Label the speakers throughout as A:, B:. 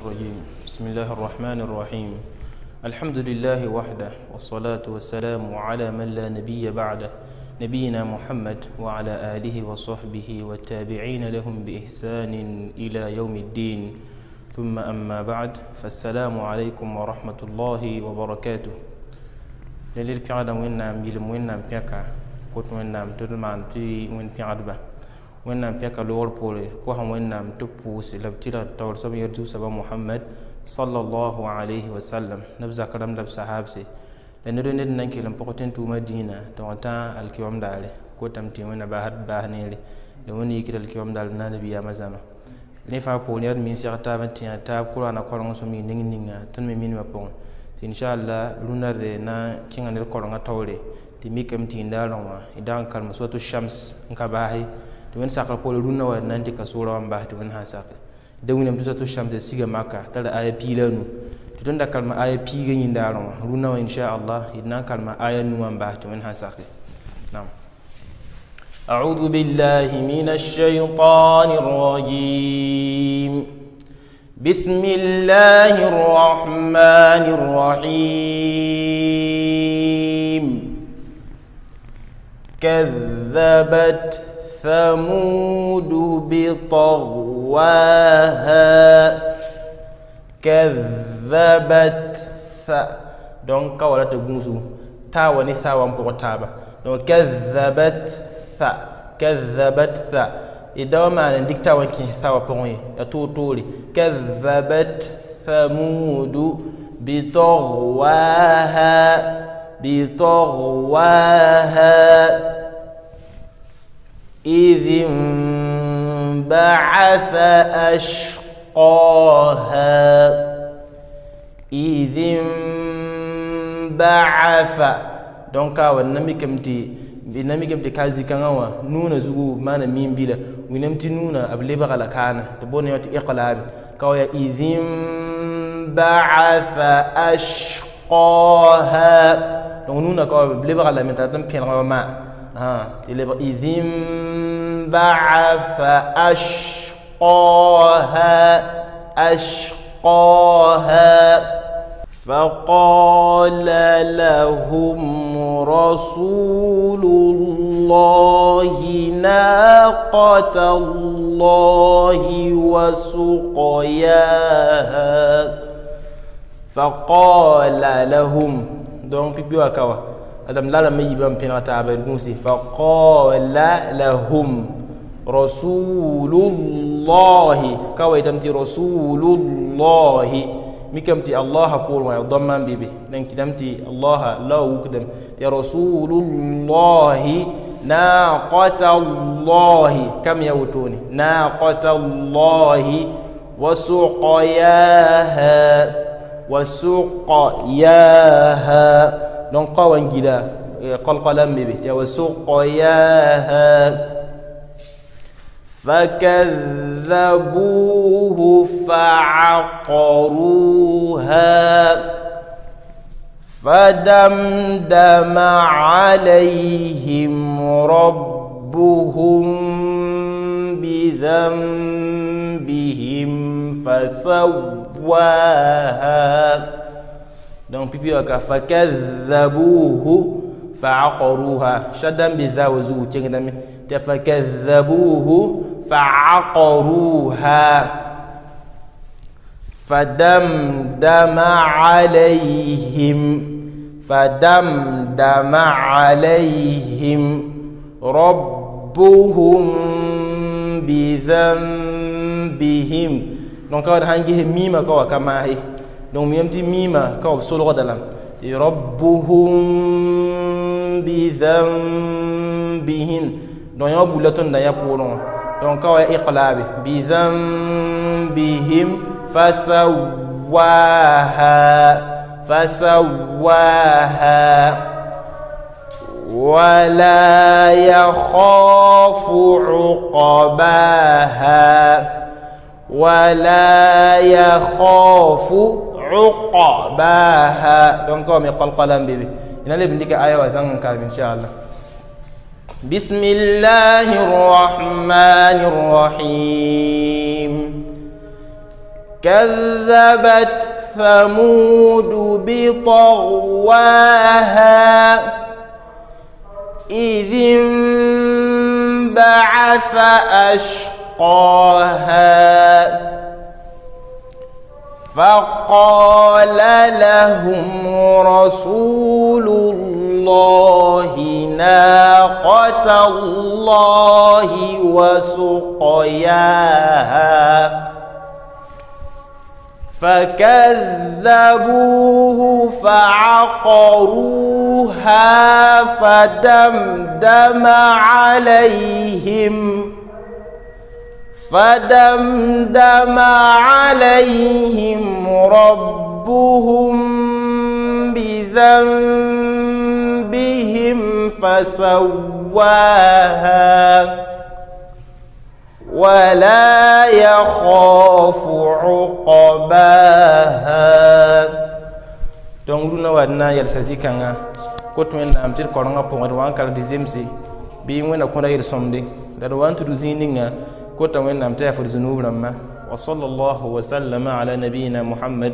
A: الرجيم بسم الله الرحمن الرحيم الحمد لله وحده والصلاة والسلام على من لا نبي بعده نبينا محمد وعلى آله وصحبه والتابعين لهم بإحسان إلى يوم الدين ثم أما بعد فالسلام عليكم ورحمة الله وبركاته للكعدة وين نام يلم وين كنت كوت وين نام تدلمان تي وين في عدبه wẽnnaam pɛka loogr poore kosam wẽnnaam tɩ pʋʋse la b tɩ la taoor-soab yel zu-soabã mohamad sallallahu alayhi wasallam neb zak rãmb la b sahaabse la ned ned n na n kell n pʋg tɩ n tʋʋmã dĩinã tɩ g tã alkiwam daare kotame tɩ wẽnna baasd baas neere la wẽnd yikd alkiwam daar na nabiyaamã zãma rẽ fãa poor yaa d minsɛg taab n tẽa taab kʋraana koarengã sõm yɩ ning ninga tõnd me minimã pʋgẽ tɩ inchallah rũnã d na kẽnga ned koarengã taoore tɩ mikame tɩ yĩndaarẽ wã y da n karem soatu shams n ka baasye tɩ wẽnd sakl pʋʋl rũnnã wa nanti kasura wã n baas ha wẽnd sãn sakle da wĩnnaam tʋsa tʋ sham d siga maka tara aya piila nu tɩ tõnd da kalma aya piiga yĩndaarẽ wã runa wã insha Allah na kalma aya nu wã n baas tɩ wẽnd sãn sakle nam أعوذ بالله من الشيطان الرجيم بسم الله الرحمن الرحيم كذبت ثمود بطغواها كذبت ث دونك ولا تغوزو تا وني ثا وان بوتابا دونك كذبت ث كذبت ث إذا ما عندك تا وان كي ثا وبوني يتوتولي كذبت ثمود بطغواها بطغواها إذ انبعث أشقاها إذ انبعث دونك ونمكمتي binami gemte kazi kanga wa nuna zugu mana min bila winamti nuna able baga la kana to bona yoti iqlabi kawya idhim ba'atha ashqaha to nuna kawya able baga la menta tam pen ma إذ انبعث أشقاها أشقاها فقال لهم رسول الله ناقة الله وسقياها فقال لهم دون في بيوكا adam la lam yiban pina tabar gusi fa qala lahum rasulullahi kawai damti rasulullahi mikamti allah qul wa yadamman bibi dan kidamti allah la ukdam ti rasulullahi naqata allahi kam yawtuni naqata allahi وسقياها وسقياها لون قوان جدا قلقلا به وسقياها فكذبوه فعقروها فدمدم عليهم ربهم بذنبهم فسواها pipi waka fakadhabuhu faaqaruha shadan bidha wa zu chengnami te fakadhabuhu faaqaruha فدمدم عليهم فدمدم عليهم ربهم بذنبهم دونك هانجي ميما كوا كما هي دونك ميم تي ميما كاو سول غدلام ربهم بذنبهم دونك يو بولاتون دايا بولون دونك كاو اقلاب بذنبهم فسواها فسواها ولا يخاف عقباها ولا يخاف عقباها دونك قوم قل قلم بي نالي بنديك آية وزنك كلام إن شاء الله بسم الله الرحمن الرحيم كذبت ثمود بطغواها إذ انبعث أشقاها فقال لهم رسول الله ناقة الله وسقياها فكذبوه فعقروها فدمدم عليهم فدمدم عليهم ربهم بذنبهم فسواها ولا يخاف عقباها donc rũnã wa d na n yɛlsa zikãngã kot wẽnnaam tɩ d korengã pʋgẽ d wa n karem tɩ zemse bɩ wẽna kõda yel-sõmde la d wa n tʋd zĩig ninga كوتا وين نام تافر ذنوب لما وصلى الله وسلم على نبينا محمد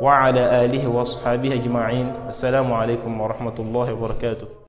A: وعلى آله وصحبه أجمعين السلام عليكم ورحمة الله وبركاته